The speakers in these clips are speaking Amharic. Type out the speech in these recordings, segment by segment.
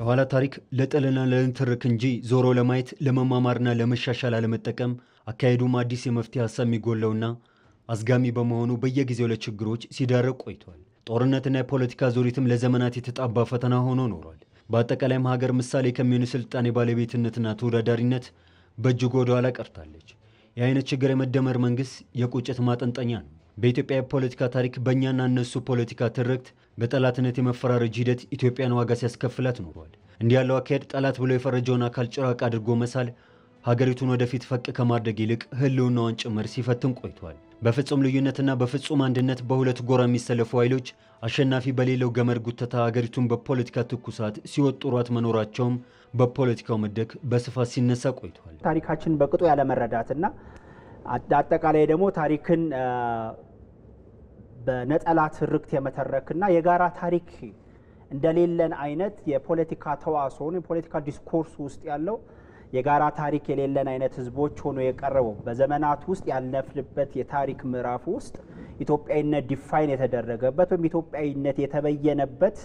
የኋላ ታሪክ ለጥልና ለንትርክ እንጂ ዞሮ ለማየት ለመማማርና ለመሻሻል አለመጠቀም አካሄዱም አዲስ የመፍትሄ ሀሳብ የሚጎለውና አዝጋሚ በመሆኑ በየጊዜው ለችግሮች ሲዳረግ ቆይቷል። ጦርነትና የፖለቲካ ዙሪትም ለዘመናት የተጣባ ፈተና ሆኖ ኖሯል። በአጠቃላይም ሀገር ምሳሌ ከሚሆኑ ስልጣን የባለቤትነትና ተወዳዳሪነት በእጅጉ ወደኋላ ቀርታለች። የአይነት ችግር የመደመር መንግሥት የቁጭት ማጠንጠኛ ነው። በኢትዮጵያ የፖለቲካ ታሪክ በእኛና እነሱ ፖለቲካ ትርክት በጠላትነት የመፈራረጅ ሂደት ኢትዮጵያን ዋጋ ሲያስከፍላት ኖሯል። እንዲህ ያለው አካሄድ ጠላት ብሎ የፈረጀውን አካል ጭራቅ አድርጎ መሳል ሀገሪቱን ወደፊት ፈቅ ከማድረግ ይልቅ ህልውናዋን ጭምር ሲፈትን ቆይቷል። በፍጹም ልዩነትና በፍጹም አንድነት በሁለት ጎራ የሚሰለፉ ኃይሎች አሸናፊ በሌለው ገመድ ጉተታ ሀገሪቱን በፖለቲካ ትኩሳት ሲወጥሯት መኖራቸውም በፖለቲካው መድረክ በስፋት ሲነሳ ቆይቷል። ታሪካችን በቅጡ ያለመረዳትና አጠቃላይ ደግሞ ታሪክን በነጠላ ትርክት የመተረክና የጋራ ታሪክ እንደሌለን አይነት የፖለቲካ ተዋጽኦን የፖለቲካ ዲስኮርስ ውስጥ ያለው የጋራ ታሪክ የሌለን አይነት ህዝቦች ሆኖ የቀረበው በዘመናት ውስጥ ያለፍንበት የታሪክ ምዕራፍ ውስጥ ኢትዮጵያዊነት ዲፋይን የተደረገበት ወይም ኢትዮጵያዊነት የተበየነበት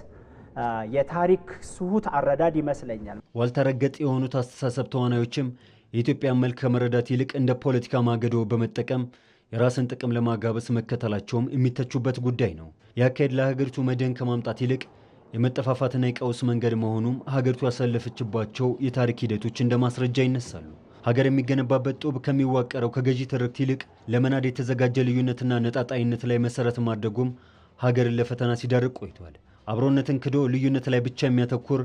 የታሪክ ስሁት አረዳድ ይመስለኛል። ዋልተረገጥ የሆኑት አስተሳሰብ ተዋናዮችም የኢትዮጵያን መልክ ከመረዳት ይልቅ እንደ ፖለቲካ ማገዶ በመጠቀም የራስን ጥቅም ለማጋበስ መከተላቸውም የሚተቹበት ጉዳይ ነው። የአካሄድ ለሀገሪቱ መደን ከማምጣት ይልቅ የመጠፋፋትና የቀውስ መንገድ መሆኑም ሀገሪቱ ያሳለፈችባቸው የታሪክ ሂደቶች እንደ ማስረጃ ይነሳሉ። ሀገር የሚገነባበት ጡብ ከሚዋቀረው ከገዢ ትርክት ይልቅ ለመናድ የተዘጋጀ ልዩነትና ነጣጣይነት ላይ መሰረት ማድረጉም ሀገርን ለፈተና ሲዳርግ ቆይቷል። አብሮነትን ክዶ ልዩነት ላይ ብቻ የሚያተኩር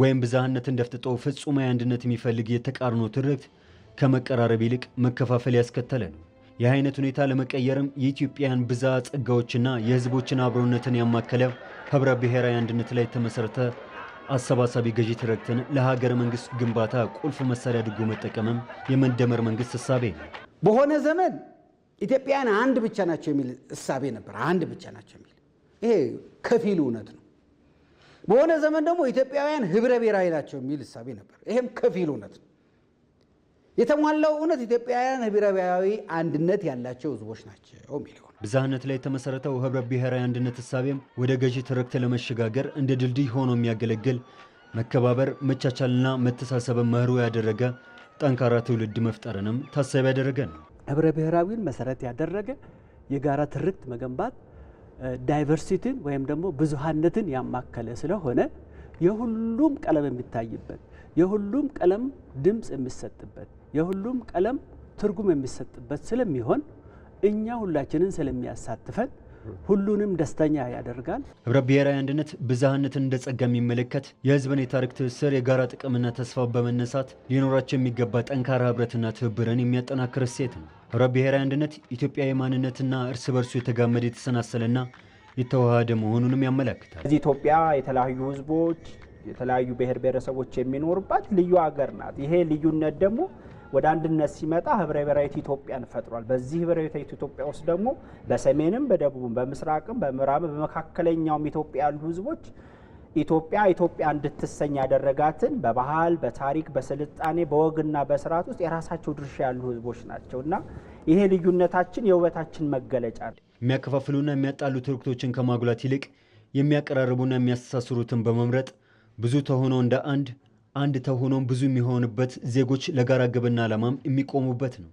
ወይም ብዝሃነትን ደፍጥጦ ፍጹማዊ አንድነት የሚፈልግ የተቃርኖ ትርክት ከመቀራረብ ይልቅ መከፋፈል ያስከተለ ነው። ይህ አይነት ሁኔታ ለመቀየርም የኢትዮጵያን ብዝሃ ጸጋዎችና የህዝቦችን አብሮነትን ያማከለ ህብረ ብሔራዊ አንድነት ላይ የተመሠረተ አሰባሳቢ ገዢ ትርክትን ለሀገረ መንግሥት ግንባታ ቁልፍ መሳሪያ አድርጎ መጠቀምም የመደመር መንግሥት እሳቤ ነው። በሆነ ዘመን ኢትዮጵያን አንድ ብቻ ናቸው የሚል እሳቤ ነበር። አንድ ብቻ ናቸው የሚል ይሄ ከፊሉ እውነት ነው። በሆነ ዘመን ደግሞ ኢትዮጵያውያን ህብረ ብሔራዊ ናቸው የሚል እሳቤ ነበር። ይሄም ከፊል እውነት ነው። የተሟላው እውነት ኢትዮጵያውያን ህብረ ብሔራዊ አንድነት ያላቸው ህዝቦች ናቸው የሚለው ብዝሃነት ላይ የተመሰረተው ህብረ ብሔራዊ አንድነት እሳቤም ወደ ገዢ ትርክት ለመሸጋገር እንደ ድልድይ ሆኖ የሚያገለግል መከባበር፣ መቻቻልና መተሳሰብን መሩ ያደረገ ጠንካራ ትውልድ መፍጠርንም ታሳቢ ያደረገ ነው። ህብረ ብሔራዊን መሰረት ያደረገ የጋራ ትርክት መገንባት ዳይቨርሲቲን ወይም ደግሞ ብዙሃነትን ያማከለ ስለሆነ የሁሉም ቀለም የሚታይበት የሁሉም ቀለም ድምፅ የሚሰጥበት የሁሉም ቀለም ትርጉም የሚሰጥበት ስለሚሆን እኛ ሁላችንን ስለሚያሳትፈን ሁሉንም ደስተኛ ያደርጋል። ህብረ ብሔራዊ አንድነት ብዝሃነትን እንደ ጸጋ የሚመለከት የህዝብን የታሪክ ትስስር፣ የጋራ ጥቅምና ተስፋ በመነሳት ሊኖራቸው የሚገባ ጠንካራ ህብረትና ትብብርን የሚያጠናክር እሴት ነው። ህብረ ብሔራዊ አንድነት ኢትዮጵያ ማንነትና እርስ በርሱ የተጋመደ የተሰናሰለና የተዋሃደ መሆኑንም ያመለክታል። እዚህ ኢትዮጵያ የተለያዩ ህዝቦች የተለያዩ ብሔር ብሔረሰቦች የሚኖሩባት ልዩ ሀገር ናት። ይሄ ልዩነት ደግሞ ወደ አንድነት ሲመጣ ህብረ ብሔራዊት ኢትዮጵያን ፈጥሯል። በዚህ ህብረ ብሔራዊት ኢትዮጵያ ውስጥ ደግሞ በሰሜንም፣ በደቡብም፣ በምስራቅም፣ በምዕራብም በመካከለኛውም ኢትዮጵያ ያሉ ህዝቦች ኢትዮጵያ ኢትዮጵያ እንድትሰኝ ያደረጋትን በባህል፣ በታሪክ፣ በስልጣኔ፣ በወግና በስርዓት ውስጥ የራሳቸው ድርሻ ያሉ ህዝቦች ናቸው እና ይሄ ልዩነታችን የውበታችን መገለጫ ነው። የሚያከፋፍሉና የሚያጣሉ ትርክቶችን ከማጉላት ይልቅ የሚያቀራርቡና የሚያስተሳስሩትን በመምረጥ ብዙ ተሆኖ እንደ አንድ አንድ ተሆኖም ብዙ የሚሆንበት ዜጎች ለጋራ ግብና ዓላማም የሚቆሙበት ነው።